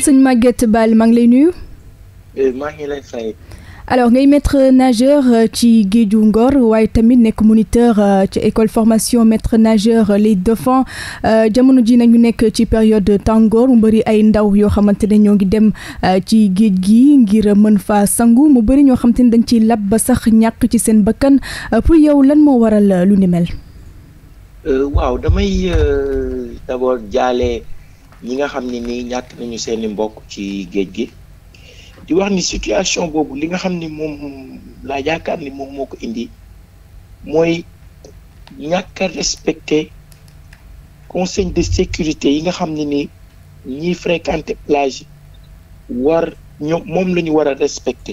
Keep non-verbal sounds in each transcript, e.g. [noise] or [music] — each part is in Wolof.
sëñ Maguette Bal maa ngi lay nuyu. Eh, maa ngay maître nageur euh, ci géeju Ngor waaye tamit nekk moniteur euh, ci école formation maître nageur de euh, dauphins jamono ji nañu nekk ci période tàngoor mu bëri ay ndaw yoo xamante ne ñoo ngi dem ci géej gi ngir mën fa sangu mu bëri ñoo xamante ne dañ ciy lab ba sax ñàkk ci seen bakkan pour yow lan moo waral lu ni waaw damay d'abord jaale ñi nga xam ne nii ñàkk nañu seeni mbokk ci géej gi di wax ni situation boobu li nga xam ni moom laa yaakaar ni moom moo ko indi mooy ñàkk a respecté conseil de sécurité yi nga xam ne nii ñiy fréquenté plage war ñoom moom la ñu war a respecté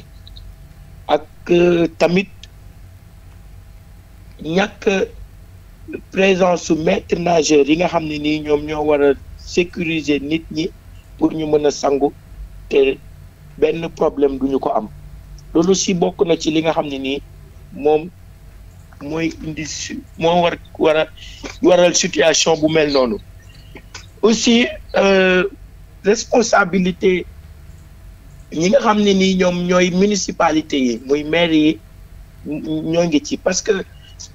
ak euh, tamit ñàkk présence su maître nageur yi nga xam ne nii ñoom ñoo war a sécuriser nit ñi pour ñu mën a sangu te benn problème duñu ko am loolu si bokk na ci li nga xam ne nii moom mooy indi su moo war waral situation bu mel noonu aussi euh, responsabilité ñi nga xam ne nii ñoom ñooy municipalité yi muy maire yi ñoo ngi ci parce que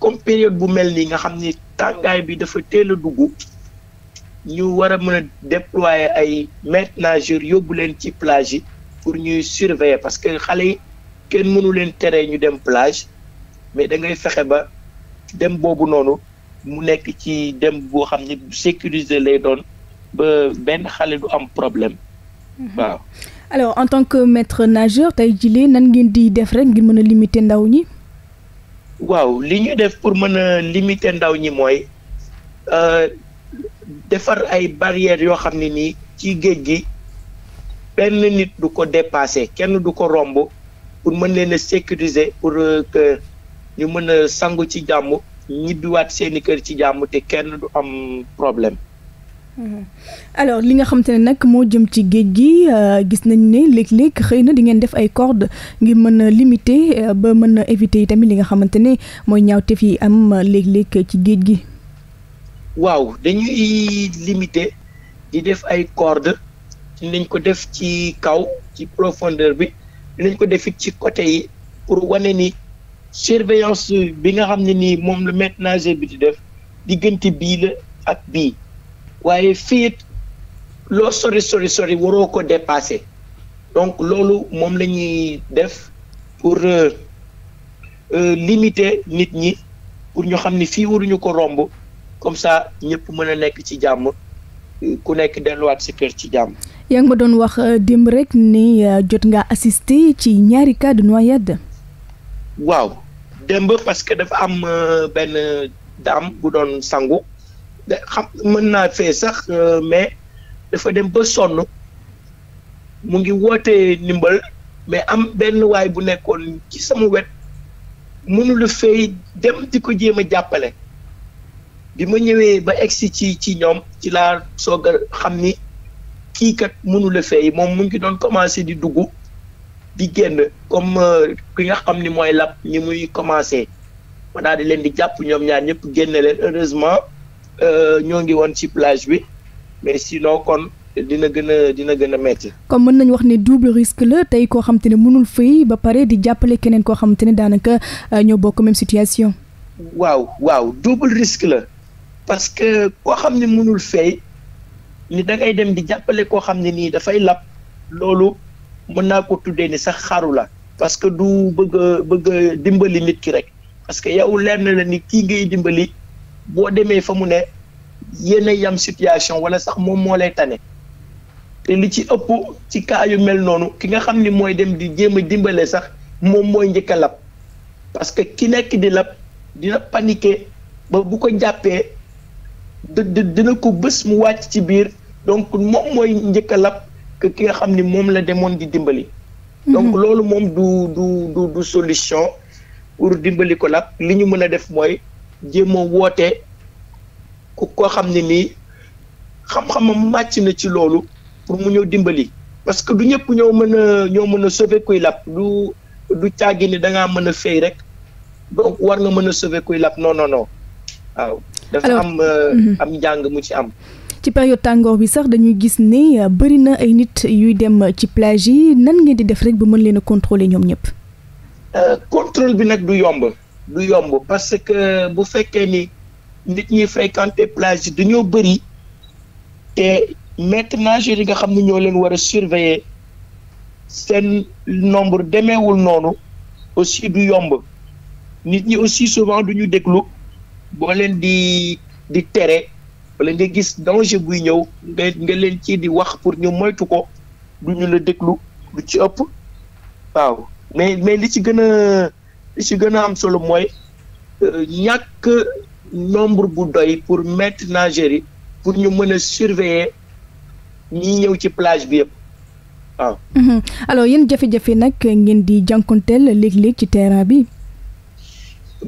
comme période bu mel nii nga xam ni tàngaay bi dafa teel a dugg ñu war a mën a déployer ay maîtres nageurs yóbbu leen ci plage yi pour ñuy surveiller parce que xale yi kenn mënu leen tere ñu dem plage mais da ngay fexe ba dem boobu noonu mu nekk ci dem boo xam ne sécuriser lay doon ba benn xale du am problème mhm. waaw. alors en tant que maître nageur tey jii nan ngeen di def rek ngir mën a limiter ndaw ñi. waaw li ñu def pour mën a limiter ndaw ñi mooy euh, defar ay barrières yoo xam ne nii ci géej gi benn nit du ko dépasé kenn du ko romb pour mën leen a sécuriser pour que ñu mën a sangu ci jàmm ñibbiwaat seeni kër ci jàmm te kenn du am problème. Mhm. alors li nga xamante ne nag moo jëm ci géej gi euh, gis nañ ne léeg-léeg xëy na di ngeen def ay cordes ngir mën a limiter euh, ba mën a yi tamit li nga xamante ne mooy te yi am euh, léeg-léeg ci géej gi. waaw dañuy limiter di def ay corde nañ ko def ci kaw ci profondeur bi dinañ ko def ci côté yi pour wane ni surveillance bi nga xam ne nii moom la maître bi di def diggante bii la ak bii waaye fii loo sori sori sori waroo ko dépasser donc loolu moom la ñuy def pour euh, euh, limiter nit ñi pour ñu xam ne fii waruñu ko romb comme ça ñëpp mën a nekk ci jàmm ku nekk delluwaat si kër ci jàmm. yaa ngi ma doon wax euh, démb rek ni euh, jot nga assister ci ñaari cas de noyade. waaw démb parce que dafa am euh, benn dame bu doon sangu xam mën naa fee sax mais dafa dem ba sonn mu ngi wootee ndimbal mais am benn waay bu nekkoon ci sama wet mënula fay dem di ko jéem a jàppale. bi ma ñëwee ba egsi ci ci ñoom ci laa soog a xam ni kii kat mënula fay moom mu ngi doon commencé di dugg di génn comme euh, ki nga xam ni mooy lab ni muy commencé ma daal di leen di jàpp ñoom ñaar ñëpp génne leen heureusement euh, ñoo ngi woon ci plage bi mais si sinon kon dina gën a dina gën a metti comme mën nañu wax ne double risque la tey koo xam te ne mënul fay ba pare di jàppale keneen koo xam te ne daanaka euh, ñëw bokk même situation. waaw waaw double risque la parce que koo xam ne mënul feey ni dangay dem di jàppale koo xam ne nii dafay lab loolu mën naa ko tuddee ni sax xaru la parce que du bëgg bëgg dimbali nit ki rek parce que yow leer na la ni kii ngay dimbali boo demee fa mu ne yéen yam situation wala sax moom moo lay tane li ci ëpp ci cas yu mel noonu ki nga xam ni mooy dem di jéem a dimbale sax moom mooy njëkk a lab parce que ki nekk di lab dina paniquer ba bu ko jàppee dina ko bés mu wàcc ci biir donc moom mooy njëkk a lab ki nga xam ni moom la demoon di dimbali. Mm-hmm. donc loolu moom du du du solution pour dimbali ko lab li ñu mën a def mooy jéem a woote ku koo xam ne nii xam-xamam màcc na ci loolu pour mu ñëw dimbali. parce que du ñëpp ñoo mën a ñoo mën a sauver kuy lab du du ni da mën a fay rek donc war na mën a sauver kuy lab non non waaw. dafa am euh, mhm. am njàng mu ci am ci période tàngoor bi sax dañuy gis ni euh, bëri na ay nit yuy dem euh, ci plage yi nan ngeen di def rek ba mën leen a contrôler ñoom ñëpp contrôle bi nag du yomb du yomb parce que bu fekkee ni nit ñi fréquenter plage du ñoo bëri te maître nageur yi nga xam ne ñoo leen war a surveiller seen nombre demeewul noonu aussi du yomb nit ñi aussi souvent du ñu déglu boo leen di di tere wala nga gis danger buy ñëw nga leen ci di wax pour ñu moytu ko du ñu la déglu lu ci ëpp waaw mais mais li ci gën a li gën a am solo mooy euh, ñàkk nombre bu doy pour mettre nageurs yi pour ñu mën a surveiller ñi ñëw ci plage bi yëpp waaw. Mhm. alors yéen jafe-jafe nag ngeen di jànkonteel léeg-léeg ci terrain bi.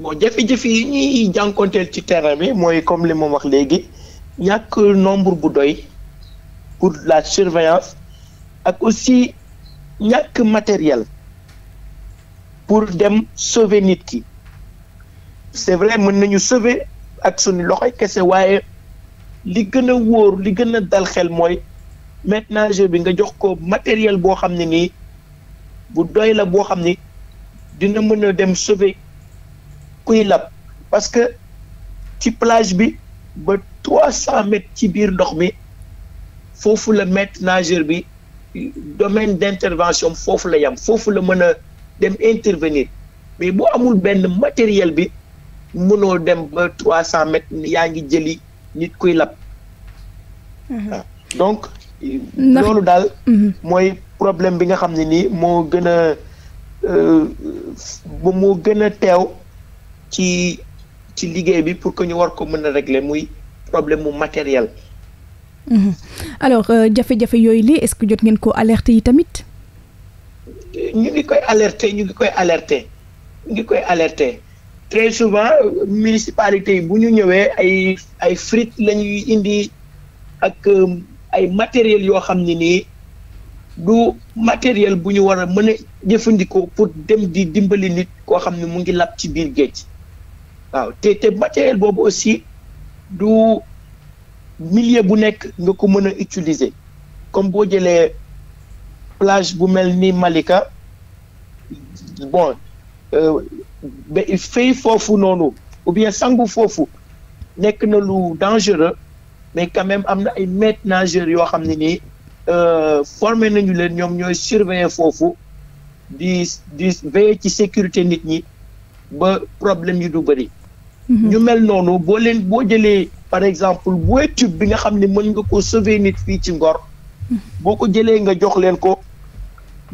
bon jafe yi ñuy jànkonteel ci terrain bi mooy comme li ma wax léegi ñàkk nombre bu doy pour la surveillance ak aussi ñàkk matériel pour dem sauver nit ki c'est vrai mën nañu sauver ak suñu loxoy kese waaye li gën a wóor li gën a dal xel mooy maître-nageur bi nga jox ko matériel boo xam ne nii bu doy la boo xam ni dina mën a dem sauver kuy lab parce que ci plage bi ba trois cent mètres ci biir ndox mi foofu la maître nageur bi domaine d'intervention foofu la yam foofu la mën a dem intervenir mais bu amul benn matériel bi mënoo dem ba trois cent mètres yaa ngi jëli nit kuy lab mhm. donc loolu daal mhm. mooy problème bi nga xam ne nii moo gën a euh, moo gën a teew ci ci liggéey bi pour que ñu war ko mën a régler muy problème mu matériel. Mmh. alors euh, jafe-jafe yooyu lii est-ce que jot ngeen ko alerter yi tamit. ñu ngi koy alerter ñu ngi koy alerte ngi koy alerter très souvent municipalité yi bu ñu ñëwee ay ay frites la ñuy indi ak euh, ay matériel yoo xam ni nii du matériel bu ñu war a mën a jëfandikoo pour dem di dimbali nit koo xam ne mu ngi lab ci biir géej. waaw te te matériel boobu aussi du millier bu nekk nga ko mën a utiliser comme boo jëlee plage bu mel ni Malika bon euh, fay foofu noonu ou bien sangu foofu nekk na lu dangereux mais quand même am na ay maîtres nageurs yoo xam ne nii euh, formé nañu leen ñoom ñooy surveiller foofu di di veiller ci sécurité nit ñi ba problème yi du bëri Mhm. ñu mel noonu boo leen boo jëlee par exemple booy tube bi nga xam ne mën nga koo sover nit fii ci ngor mhm. boo ko jëlee nga jox leen ko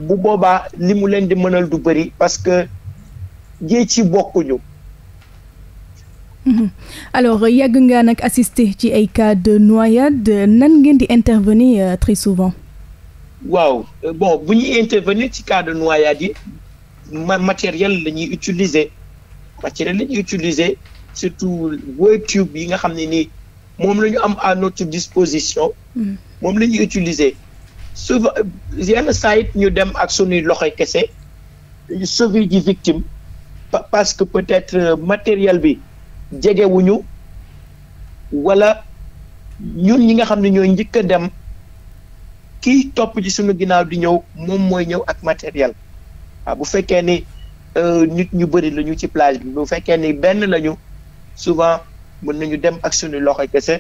bu boobaa li mu leen di mënal du bëri parce que jee ci bokkuñu mhm. alors yàgg nga nag assister ci ay cas de noyade nan ngeen di intervenir euh, très souvent waaw euh, bon bu ñuy intervenir ci cas de noyade yi matériel la ñuy utiliser matériel la ñuy utiliser surtout YouTube yi nga xam ne nii moom la ñu am à not disposition. Mm. moom la ñuy utiliser. souvent yenn saa it ñu dem ak suñuy loxo kese ñu sauver ji victime parce que peut-être euh, matériel bi jegewuñu wala ñun ñi nga xam ni ñooy njëkk a dem kiy topp ci suñu ginnaaw di ñëw moom mooy ñëw ak matériel waaw ah, bu fekkee ni euh, nit ñu bëri lañu ci plage bi bu fekkee ni benn lañu souvent mën nañu dem ak suñu loxo kese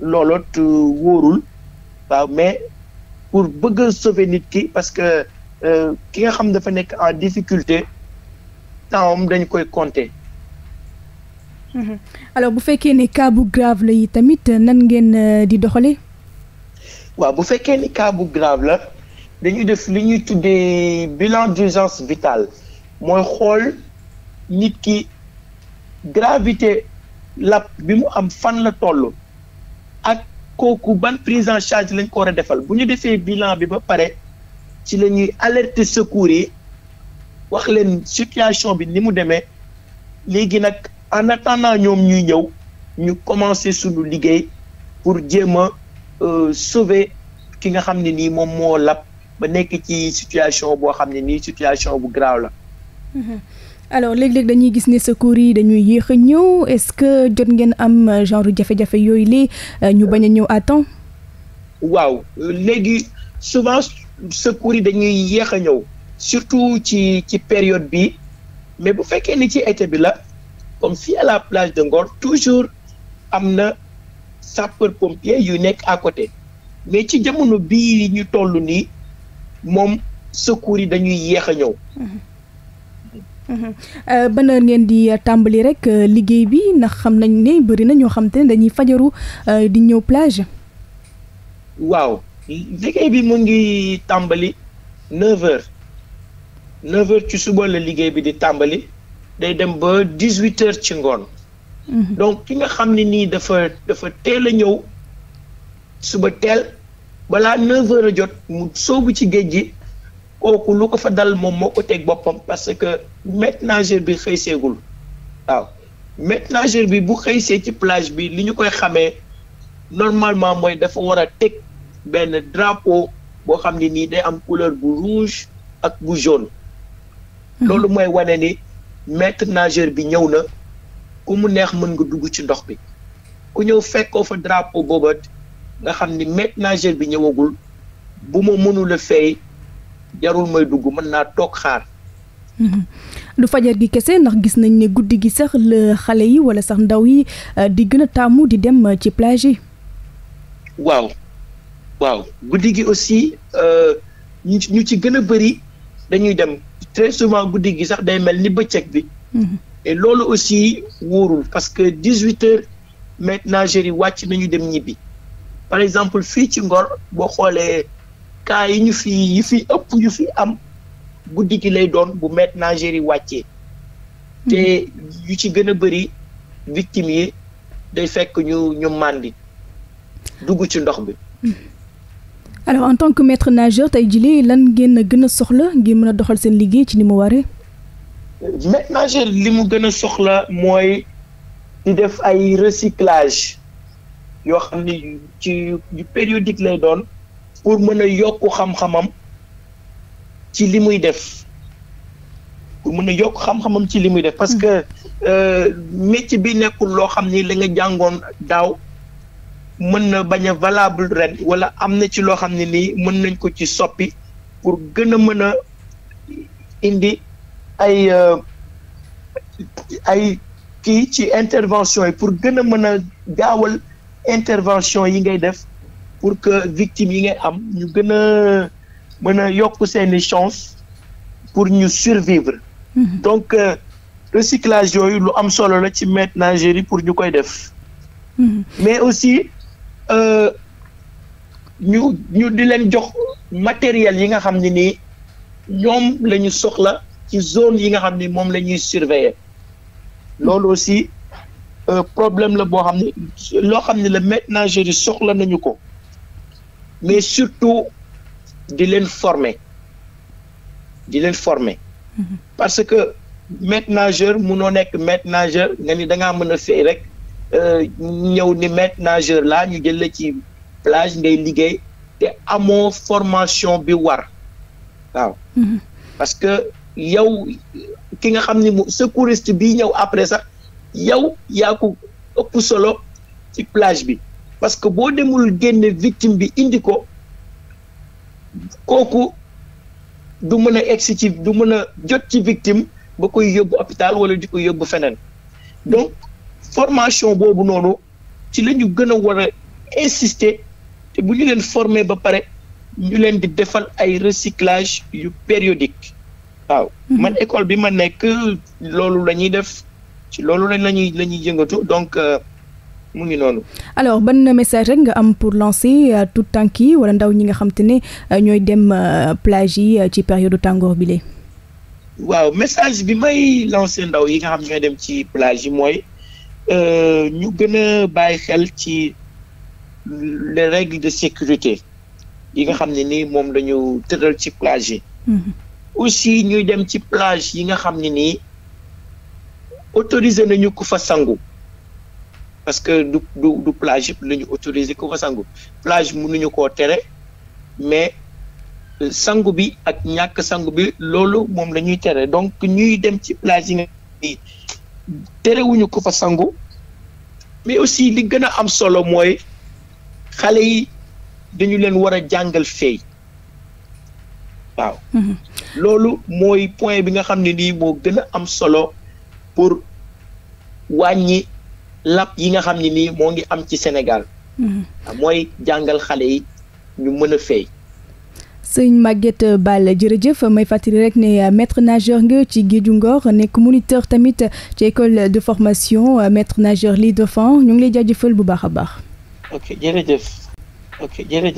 looloot wóorul waaw mais pour bëgg a nit ki parce que euh, ki nga xam dafa nekk en difficulté temps dañ koy compter. Mhm. alors bu fekkee ni kaabu bu grave la yi tamit nan ngeen euh, di doxalee. waaw bu fekkee ni kaabu bu grave la dañuy def li ñuy tuddee bilan d'urgence vitale mooy xool nit ki gravité lap bi mu am fan la toll ak kooku ban prise en charge lañ ko war a defal bu ñu defee bilan bi ba pare ci la ñuy alerter secours yi wax leen situation bi ni mu demee léegi nag en ñoom ñuy ñëw ñu commencer suñu liggéey pour jéem a euh, sauver ki nga xam ne nii moom moo lap ba nekk ci situation boo xam ne nii situation bu grave la. Mm-hmm. alors léeg-léeg dañuy gis ne secours yi dañuy yéex a ñëw est-ce que jot ngeen am euh, genre jafe-jafe yooyu lii euh, ñu bañ a ñëw à temps. waaw léegi souvent secours yi dañuy yéex a ñëw surtout ci ci période bi mais bu fekkee ni ci été bi la comme fii à la plage de Ngor toujours am na sapeur pompier yu nekk à côté mais ci jamono bii ñu toll nii moom secours yi dañuy yéex a ñëw. Mm-hmm. Euh, ban heure ngeen di euh, tàmbali rek euh, liggéey bi ndax xam nañ ne bëri na ñoo xam te ne dañuy fajaru di ñëw plage. waaw liggéey bi mu ngi tàmbali neuf heures neuf heures ci suba la liggéey bi di tàmbali day dem ba dix huit heures ci ngoon. Mhm. donc ki nga xam ne nii dafa dafa teel a ñëw suba teel balaa neuf a jot mu sóobu ci géej gi. kooku lu ko fa dal moom moo ko teg boppam parce que maître nageur bi xëy seegul waaw maître nageur bi bu xëysee ci plage bi li ñu koy xamee normalement mooy dafa war a teg benn drapeau boo xam ne nii day am couleur bu rouge ak bu jaune mhm. loolu mooy wane ni maître nageur bi ñëw na ku mu neex mën nga dugg ci ndox bi ku ñëw fekkoo fa drapeau boobat nga xam ni maître nageur bi ñëwagul bu ma mënula fay jarul may dugg mën naa toog xaar. [laughs] du fajar gi kese ndax gis nañ ne guddi gi sax la xale yi wala sax ndaw yi euh, di gën a taamu di dem euh, ci plage waaw waaw guddi gi aussi euh, ñu ci ñu ci gën a bëri dañuy dem très souvent guddi gi sax day mel ni bëccëg bi. Mhm. loolu aussi wóorul parce que dix huit heures maîtres nageurs yi wàcc nañu dem ñibbi par exemple fii ci Ngor boo xoolee cas yi ñu fi yi fi ëpp yu fi am guddi gi lay doon bu maître nageur yi wàccee te hmm. yu ci gën a bëri victime yi day fekk ñu ñu màndi dugg ci ndox bi hmm. alors en tant que maître nageur tey jii lan génn a gën a soxla ngir mën a doxal seen liggéey ci ni mu waree maître li mu gën a soxla mooy di def ay recyclage yoo xam ne ci yu périodique lay doon pour mën a yokk xam-xamam ci li muy def pour mën a yokk xam-xamam ci li muy def parce que euh, métier bi nekkul loo xam ni la jàngoon daaw mën na bañ a valable ren wala am na ci loo xam ne nii mën nañ ko ci soppi pour gën a mën a indi ay euh, ay kii ci intervention yi pour gën a mën a gaawal intervention yi ngay def pour que victimes yi ngay am ñu gën a mën a yokk seeni chance pour ñu survivre mhm. donc euh, recyclage yooyu lu am solo la ci maître nageur yi pour ñu koy def mhm. mais aussi euh, ñu ñu di leen jox matériel yi nga xam ne nii ñoom la ñu soxla ci zone yi nga xam ni moom la ñuy surveiller loolu aussi euh, problème la boo xam ne loo xam ne la maître nageur yi soxla nañu ko mais surtout di leen former di leen former. Mhm. parce que maître nageur munoo nekk maître nageur nga ni da ngaa mën a fay rek euh, ñëw ni maître nageur laa ñu jël la ci plage ngay liggéey te amoo formation bi war waaw. Mhm. parce que yow ki nga xam ni mu secouriste bi ñëw après sax yow yaa ko ëpp solo ci plage bi. parce que boo demul génne victime bi indi ko kooku du mën a egsi du mën a jot ci victime ba koy yóbbu hopital wala di ko yóbbu feneen donc formation boobu noonu ci la ñu gën a war a te bu ñu leen former ba pare ñu leen di defal ay recyclage yu périodique waaw mm-hmm. man école bi ma nekk loolu la ñuy def ci loolu lañ la la ñuy yëngatu donc euh, mu ngi noonu. alors ban message rek nga am pour lancer euh, tout tànk yi wala ndaw ñi nga xam te ne euh, ñooy dem euh, plage yi ci période tàngoor bi lee waaw message bi may lancer ndaw yi nga xam ñooy dem ci plage yi mooy ñu gën a bàyyi xel ci les règles yi nga xam ne nii moom lañu tëral ci plage yi. Mhm. aussi ñuy dem ci plage yi nga xam ne nii autorisé nañu ko fa sangu. parce que du du du plage yëpp la ñu autorisé ko fa sangu plage mënuñu koo tere mais euh, sangu bi ak ñàkk sangu bi loolu moom la ñuy tere donc ñuy dem ci plage yi nga terewuñu ko fa sangu mais aussi li gën a am solo mooy xale yi dañu leen war a jàngal feey waaw mm-hmm. loolu mooy point bi nga xam ne nii moo gën a am solo pour wàññi lab yi nga xam ne nii moo ngi am ci Sénégal. Mhm. Ah, mooy jàngal xale yi ñu mën a fay. sëñ Maguette Ball jërëjëf may fàttali rek ne euh, maître nageur nga ci géeju Ngor nekk moniteur tamit ci école de formation euh, maître nageur de Dauphin ñoo ngi lay jaajëfal bu baax a baax. ok